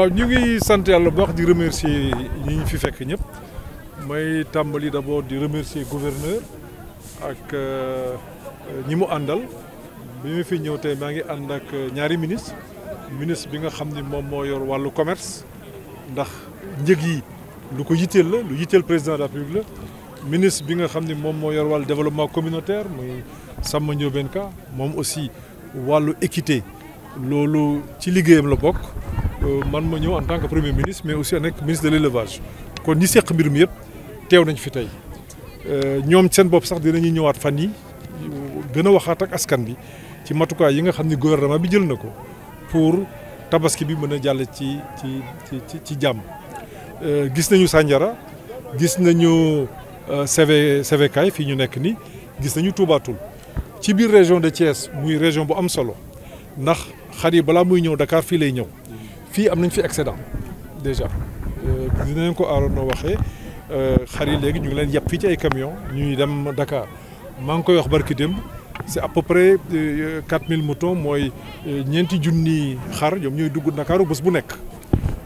waaw ñu ngi sant yàlla bu baax di remercier ñi ñu fi fekk ñëpp may tàmbali d'abord di remercier gouverneur ak euh, ñi mu àndal bi mu fi ñëw tey maa ngi ànd ak ñaari ministre ministre bi nga xam ni moom moo yor wàllu commerce ndax njëg yi lu ko yitteel la lu yitteel président de la République la ministre bi nga xam ni moom moo yor wàllu développement communautaire muy Samba Ndiobène moom aussi wàllu équité loolu ci liggéeyam la bokk Euh, man ma ñëw en tant que premier ministre mais aussi nekk ministre de l' élevage kon ñi seq mbir mi yëpp teew nañu fi tey euh, ñoom seen bopp sax dinañu ñëwaat fan yi gën a waxaat ak askan bi ci matukaay yi nga xam ni gouvernement bi jël na ko pour tabaski bi mën a jàll ci ci ci ci jàmm. Euh, gis nañu sànjara gis nañu Seve Sevekaay fii ñu nekk nii gis nañu tuubaatul ci biir région de Thiès muy région bu am solo ndax xar yi balaa muy ñëw dakaar fii lay ñëw. fii am nañ fi excédent déjà euh, dinañ ko aaroon noo waxee euh, xar yi léegi ñu ngi leen yàpp fii ci ay camion ñuy dem Dakar maa ngi koy wax barki démb c'est à peu près 4000 euh, moutons mooy ñeenti junni xar ñoom ñooy dugg Ndakaaru bés bu nekk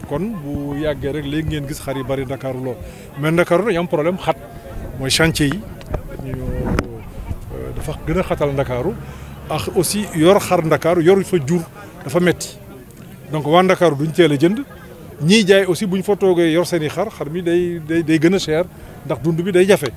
kon bu yàggee rek léegi ngeen gis xar yi bari Ndakaaru lool mais Ndakaaru dañu am problème xat mooy chantier yi ñu dafa gën a xatal Ndakaaru ak aussi yor xar Ndakaaru yor fa jur dafa metti donc waa Ndakaaru duñ teel a jënd ñiy jaay aussi buñ fa toogee yor seen i xar xar mi day day day gën a cher ndax dund bi day jafe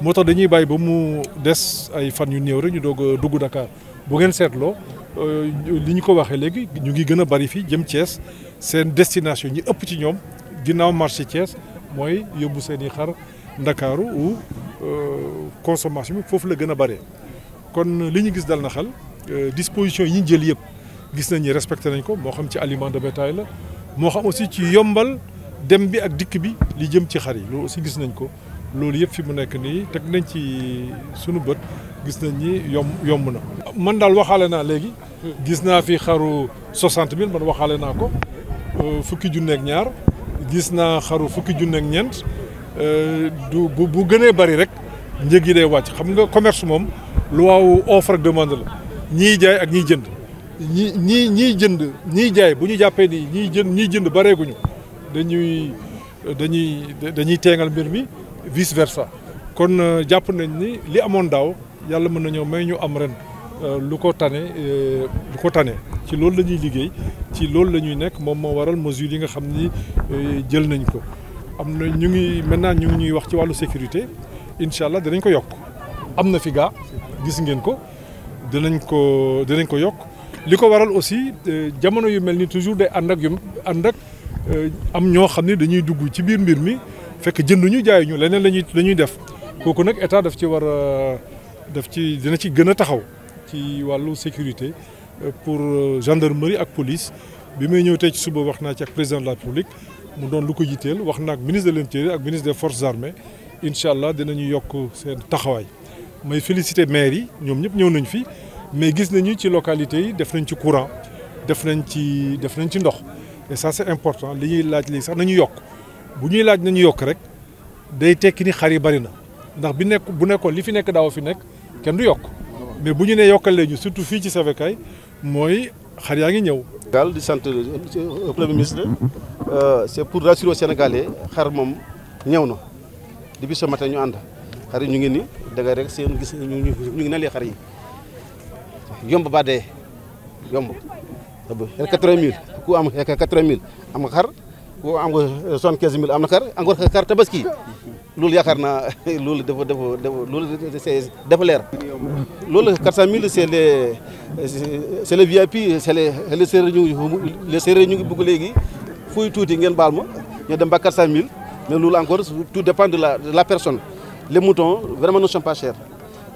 moo tax dañuy bàyyi ba mu des ay fan yu néew rek ñu doog dugg ndakaar bu ngeen seetloo euh, li ñu ko waxee léegi ñu ngi gën a bari fii jëm Thiès seen destination ñi ëpp ci ñoom ginnaaw marché Thiès mooy yóbbu seeni xar Ndakaaru ou euh, consommation bi foofu la gën a bare kon li ñu gis dal na xel euh, disposition yi ñu jël yëpp. gis nañ ni respecté nañ ko moo xam ci aliment de bétail la moo xam aussi ci yombal dem bi ak dikk bi li jëm ci xar yi loolu aussi gis nañ ko loolu yëpp fi mu nekk nii teg nañ ci sunu bët gis nañ ni yomb yomb na. man daal waxaale naa léegi. gis naa fi xaru soixante mille man waxaale naa ko euh, fukki junne ak ñaar gis naa xaru fukki junne ak ñeent euh, du bu bu gënee bari rek njëg yi day wàcc xam nga commerce moom lu waaw offre ak demande la ñiy jaay ak ñiy jënd. ñi ñii ñii jënd ñii jaay bu ñu jàppee nii ñii jënd ñiy jënd bareeguñu dañuy dañuy dañuy teengal mbir mi vice versa kon euh, jàpp nañ ni li amoon daaw yàlla mën na ñëw may ñu am ren euh, lu ko tane euh, lu ko tane ci loolu la ñuy liggéey ci loolu la ñuy nekk moom moo waral mesures yi nga xam ni jël nañ ko am na ñu ngi maintenant ñu ngi ñuy wax ci wàllu sécurité incha allah dinañ ko yokk am na fi gaa gis ngeen ko dinañ ko dinañ ko yokk li ko waral aussi euh, jamono yu mel ni toujours de ànd ak yom ànd ak euh, am ñoo xam ne dañuy dugg ci biir mbir mi fekk jënduñu jaayuñu leneen lañuy lañuy def kooku nag état daf ci war a daf ci dina ci gën a taxaw ci wàllu sécurité euh, pour gendarmerie ak police bi may ñëw tey ci suba wax naa ci ak président de la République mu doon lu ko yitteel wax naa ak ministre de l'intérieur ak ministre des forces armées incha allah dinañu yokk seen taxawaay may féliciter maire yi ñoom ñëpp ñëw nañ fi. mais gis nañu ci localité yi def nañ ci courant def nañ ci def nañ ci ndox et ça c'est important li ñuy laaj léegi sax nañu yokk bu ñuy laaj nañu yokk rek day tekki ni xar yi bari na ndax bi nekk bu nekkoon li fi nekk daaw fi nekk kenn du yokk mais bu ñu nee yokkalee ñu surtout fii ci kay mooy xar yaa ngi ñëw. daal di sant euh, premier ministre euh, c'est pour rassurer aux Sénégalais xar moom ñëw na depuis ce matin ñu ànd xar yi ñu ngi ni danga rek seen gis ñu ngi nalee xar yi. yomb ba dee yomb xëy na quatre-vingt mille ku am quatre-vingt am nga xar ku am nga soixante-quinze am na xar encore xar tabaski loolu yaakaar naa loolu dafa dafa dafa loolu dafa leer. loolu quatre cent mille c'est les c'est les VIP c'est les les séeréer ñu ñu ngi bëgg léegi fuy tuuti ngeen baal ma ñu dem ba quatre cent mille mais loolu encore tout dépend de la de la personne les moutons vraiment ne sont pas chers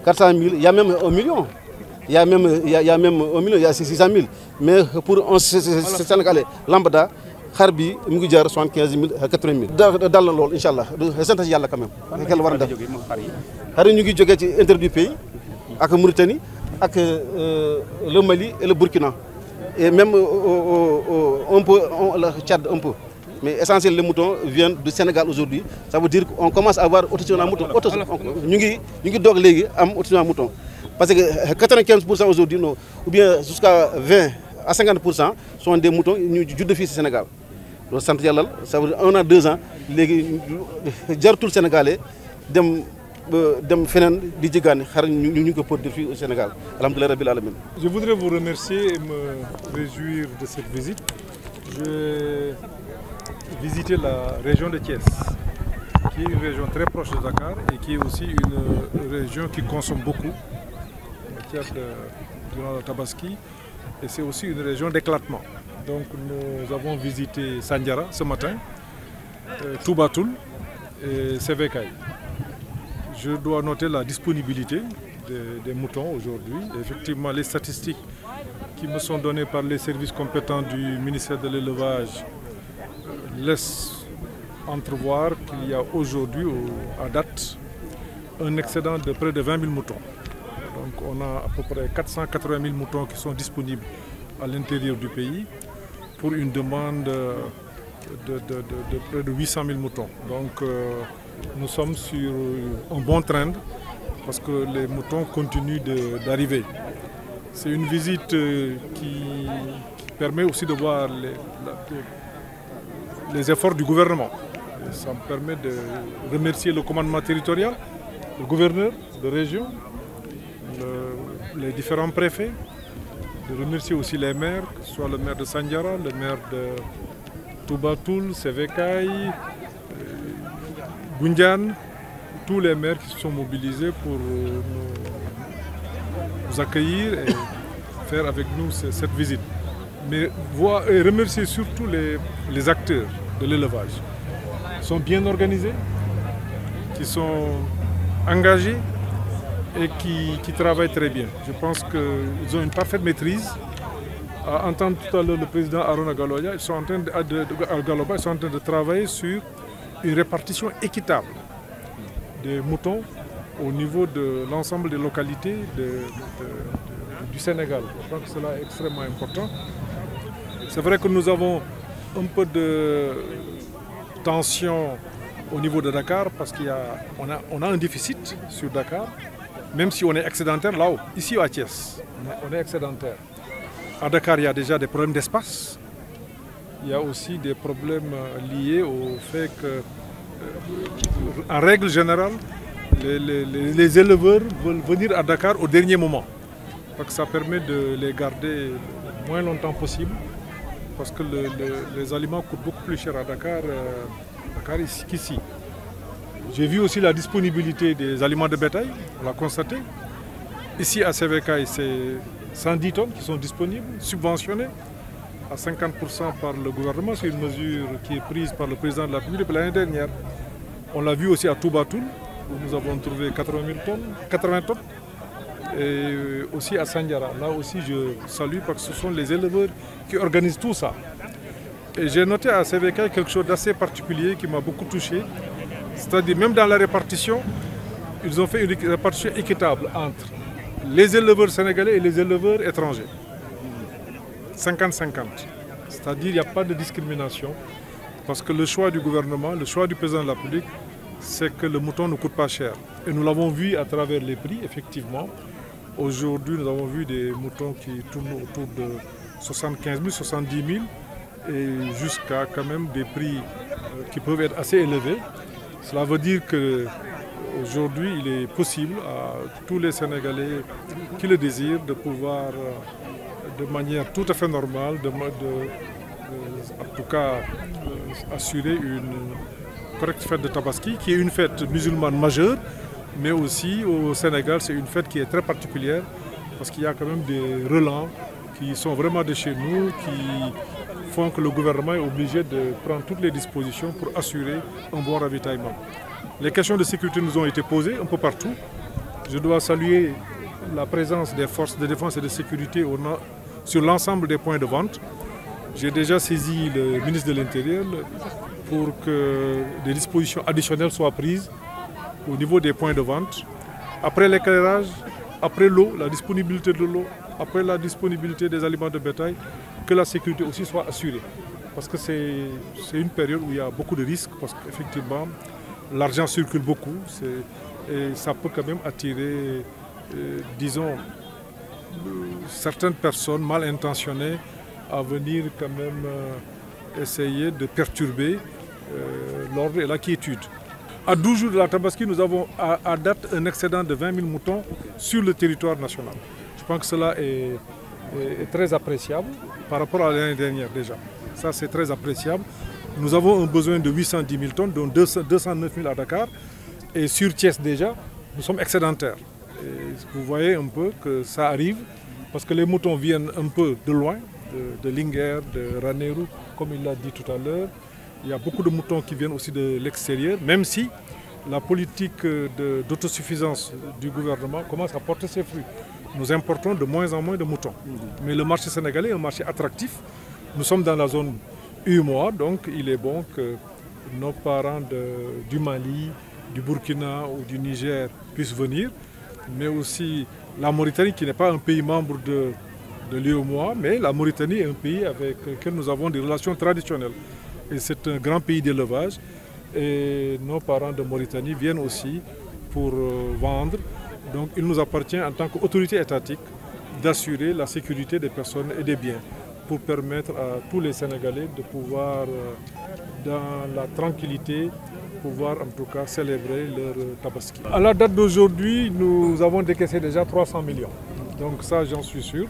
quatre cent mille y a même un million. il y a a même un million il y a six cent mille mais pour un Sénégalais lambda xar bi mu ngi jar soixante quinze mille quatre-vingt mille. da dal lool incha allah sant yàlla quand même. xel war a def ñu ngi jógee ci intérieur du pays ak Mauritanie ak euh, le Mali et Burkina et même euh, euh, un peu le Tchad un peu. mais essentiel les moutons viennent du Sénégal aujourd'hui ça veut dire qu'on commence à avoir autochtone à mouton autochtone ñu ngi ñu ngi doog léegi am autochtone à Parce que 95% euh, aujourd'hui, ou bien jusqu'à 20 à 50% sont des moutons du de fils Sénégal. Donc, ça veut dire un an, deux ans, les tout le Sénégalais, dem euh, dem fenen di djigane xar ñu pot de produire fi au Sénégal alhamdoulillah rabbil alamin je voudrais vous remercier et me réjouir de cette visite je visité la région de Thiès qui est une région très proche de Dakar et qui est aussi une euh, région qui consomme beaucoup festival de, durant Tabaski. Et c'est aussi une région d'éclatement. Donc nous avons visité Sandiara ce matin, euh, Toubatoul et Sevekai. Je dois noter la disponibilité des, des moutons aujourd'hui. Effectivement, les statistiques qui me sont données par les services compétents du ministère de l'élevage euh, laissent entrevoir qu'il y a aujourd'hui, au, à date, un excédent de près de 20 moutons. Donc on a à peu près 480 000 moutons qui sont disponibles à l'intérieur du pays pour une demande euh, de, de, de, de près de 800 000 moutons. Donc euh, nous sommes sur bon trend parce que les moutons continuent d'arriver. C'est une visite euh, qui permet aussi de voir les, les efforts du gouvernement. Et ça me le commandement territorial, les différents préfets, de remercier aussi les maires, que ce soit le maire de Sandiara, le maire de Toubatoul, Sévécaï, euh, Gundian, tous les maires qui se sont mobilisés pour euh, nous, accueillir et faire avec nous cette visite. Mais voir remercier surtout les, les acteurs de l'élevage. Ils sont bien organisés, qui sont engagés et qui, qui travaillent très bien. Je pense qu'ils ont une parfaite maîtrise. À entendre tout à l'heure le président Arona Galoya, ils sont en train de, de, de Galoba, ils sont en train de travailler sur une répartition équitable des moutons au niveau de l'ensemble des localités de, du Sénégal. Je pense que cela est extrêmement important. C'est vrai que nous avons un peu de tension au niveau de Dakar parce qu'on a, on a, on a un déficit sur Dakar. même si on est excédentaire là-haut, ici à Thiès. On est excédentaire. À Dakar, il y a déjà des problèmes d'espace. Il y a aussi des problèmes euh, liés au fait que, euh, en règle générale, les, les, les éleveurs veulent venir à Dakar au dernier moment. Parce que ça permet de les garder le moins longtemps possible. Parce que le, le, les aliments coûtent beaucoup plus cher à Dakar, euh, Dakar qu'ici. J'ai vu aussi la disponibilité des aliments de bétail, on l'a constaté. Ici à CVK, c'est 110 tonnes qui sont disponibles, subventionnées à 50% par le gouvernement. C'est une mesure qui est prise par le président de la République l'année dernière. On l'a vu aussi à Toubatoul, où nous avons trouvé 80 tonnes, Et euh, aussi à Sandiara. Là aussi, je salue parce que ce sont les éleveurs qui organisent tout ça. Et j'ai noté à CVK quelque chose d'assez particulier qui m'a beaucoup C'est-à-dire même dans la répartition, ils ont fait une équitable entre les éleveurs sénégalais les éleveurs étrangers. 50-50. C'est-à-dire il n'y a parce que le choix du gouvernement, le choix de la République, le mouton ne coûte pas cher. Et nous à travers les prix, effectivement. Aujourd'hui, nous avons vu des moutons qui tournent autour de 75 000, 70 000, et jusqu'à quand même des prix euh, qui peuvent être assez élevés. Cela veut dire que aujourd'hui, il est possible à tous les Sénégalais qui le désirent de pouvoir, euh, de manière tout à fait normale, de, de, de, euh, en euh, assurer une correcte fête de Tabaski, qui est une fête musulmane majeure, mais aussi au Sénégal, c'est une fête qui est très particulière, parce qu'il y a quand même des relents qui sont vraiment de chez nous, qui font que le gouvernement est obligé de prendre toutes les dispositions pour assurer un bon ravitaillement. Les questions de sécurité nous ont été posées un peu partout. Je dois saluer la présence des forces de défense et de sécurité sur l'ensemble des points de vente. J'ai déjà saisi le ministre de l'Intérieur pour que des dispositions additionnelles soient prises au niveau des points de vente. Après l'éclairage, après l'eau, la disponibilité de l'eau, après la disponibilité des aliments de bétail, que la sécurité aussi soit assurée. Parce que c'est une période où il y a beaucoup de risques, parce qu'effectivement, l'argent circule beaucoup, et ça peut quand même attirer, euh, disons, euh, certaines personnes mal intentionnées à venir quand même euh, essayer de perturber euh, l'ordre et la quiétude. À 12 jours de la Tabaski, nous avons à, à date un excédent de 20 000 moutons sur le territoire national. Je pense que cela est, Euh, est très appréciable par rapport à l'année dernière déjà. Ça, c'est très appréciable. Nous avons un besoin de 810 000 tonnes, dont 209 000 à Dakar. Et sur Thiès déjà, nous sommes excédentaires. Et vous voyez un peu que ça arrive, parce que les moutons viennent un peu de loin, de, de Linger, de Raneru, comme il l'a dit tout à l'heure. Il y a beaucoup de moutons qui viennent aussi de l'extérieur, même si la politique d'autosuffisance du gouvernement commence à porter ses fruits. Nous importons de moins en moins de moutons. Mhm. Mais le marché sénégalais est un marché attractif. Nous sommes dans la zone UMOA, donc il est bon que nos parents de, du Mali, du Burkina ou du Niger puissent venir, mais aussi la Mauritanie qui n'est pas un pays membre de, de l'UMOA, mais la Mauritanie est un pays avec lequel nous avons des relations traditionnelles. Et c'est un grand pays d'élevage et nos parents de Mauritanie viennent aussi pour euh, vendre Donc il nous appartient en tant qu'autorité étatique d'assurer la sécurité des personnes et des biens pour permettre à tous les Sénégalais de pouvoir, euh, dans la tranquillité, pouvoir en tout cas célébrer leur euh, tabaski. À la date d'aujourd'hui, nous avons décaissé déjà 300 millions. Donc ça, j'en suis sûr.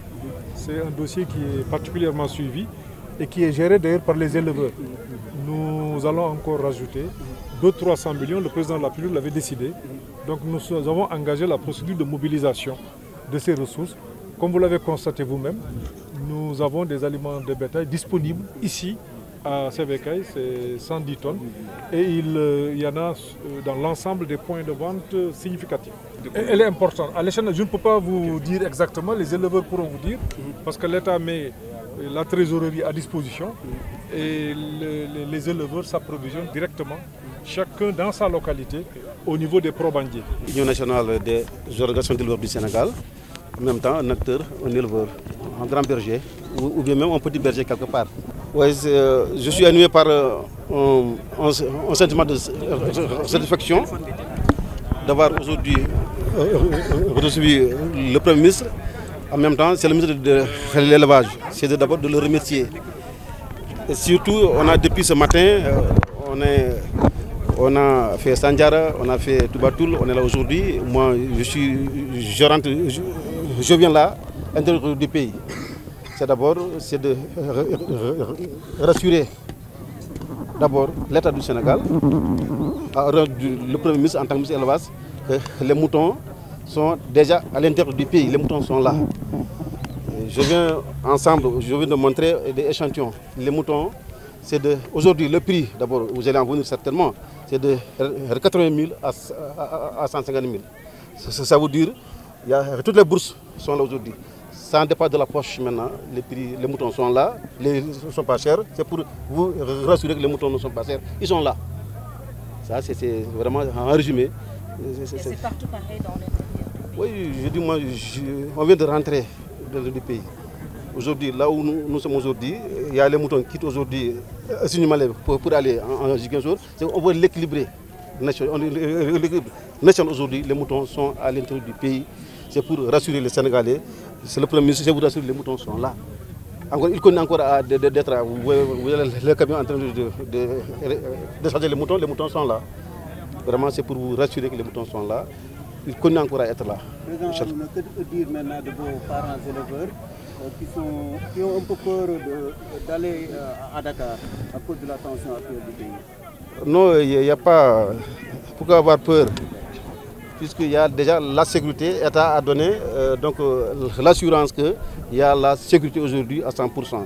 C'est un dossier qui est particulièrement suivi et qui est géré d'ailleurs par les éleveurs. Nous allons encore rajouter de 300 millions, le président de la République l'avait décidé. Donc nous avons engagé la procédure de mobilisation de ces ressources. Comme vous l'avez constaté vous-même, nous avons des aliments de bétail disponibles ici à Sévécaille, c'est 110 tonnes, et il, euh, il y en a euh, dans l'ensemble des points de vente significatifs. Et, elle est importante. À l'échelle, exactement, les éleveurs pourront vous parce que l'État met euh, la trésorerie à disposition et le, les, les éleveurs s'approvisionnent directement chacun dans sa localité, au niveau des probandiers. L'Union nationale des organisations d'éleveurs du Sénégal, en même temps un acteur, un éleveur, un grand berger, ou, bien même un petit berger quelque part. Euh, je suis animé par euh, un, un, sentiment de euh, satisfaction d'avoir aujourd'hui euh, le Premier ministre. En même temps, c'est le ministre de l'élevage. C'est d'abord de le remercier. Et surtout, on a depuis ce matin, euh, on est on a fait Sandiara, on a fait Toubatoul, on est là aujourd'hui. Moi, je suis, je rentre, je, viens là, intérieur du pays. C'est d'abord, c'est de rassurer d'abord l'État du Sénégal, le Premier ministre en tant que ministre élevage, les moutons sont déjà à l'intérieur du pays, les moutons sont là. Je viens ensemble, je viens de montrer des échantillons. Les moutons c'est de aujourd'hui le prix d'abord vous allez en venir certainement c'est de 80 000 à, à, à 150 000 ça, ça dire a, toutes les bourses sont là aujourd'hui ça dépend de la poche maintenant les prix les moutons sont là les ne sont pas chers c'est pour vous rassurer que les moutons sont pas chers ils sont là c'est vraiment en résumé c'est partout pareil dans les oui je dis moi je, on de rentrer dans le pays aujourd'hui là où nous, sommes aujourd'hui il a les moutons qui quittent Euh, suñu malais pour, aller en, en Ziguinchor, c'est qu'on veut l'équilibrer. Euh, euh, Nation aujourd'hui, les moutons sont à l'intérieur du pays. C'est pour rassurer les Sénégalais. C'est pour rassurer les moutons sont là. Encore, il connaît encore d'être là. le camion en train de, de, les moutons, les moutons sont là. Vraiment, c'est pour vous rassurer que les moutons sont là. Il connaît encore à être là. Euh, qui, sont, euh, la tension actuelle du pays Non, il pas. Pourquoi avoir peur Puisqu'il y déjà la sécurité, l'État a donné euh, donc euh, l'assurance qu'il y la sécurité aujourd'hui à 100%.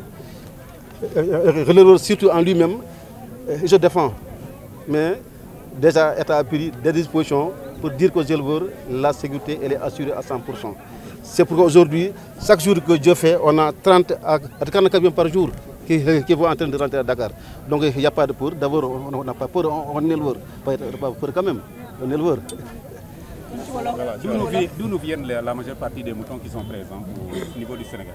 Le surtout en lui-même, je défends. Mais déjà, l'État a pris des dispositions pour dire que je le veux, la sécurité elle est assurée à 100%. C'est pourquoi aujourd'hui, chaque jour que Dieu fait, on a 30 à 40 camions par jour qui, qui, vont de rentrer à Dakar. Donc il n'y a pas de peur. D'abord, on n'a pas peur, on, Pas, peur quand même, on éleveur. Voilà, D'où nous viennent la, la majeure partie des moutons qui sont présents au niveau du Sénégal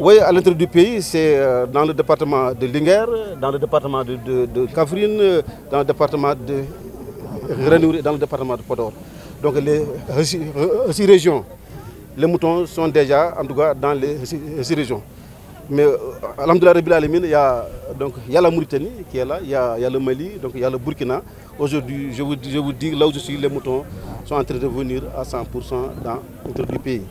oui, à l'intérieur du pays, c'est euh, dans le département de Linger, dans le département de, de, Donc les, les, les régions les moutons sont déjà, en tout cas, dans les, ces régions. Mais euh, Alhamdoulilah Rabbil Alamin, il y a donc il y a la Mauritanie y a, le Mali, donc il y a le Burkina. Aujourd'hui, je vous, je vous dis, les moutons sont en de venir à cent dans l'intérieur du pays.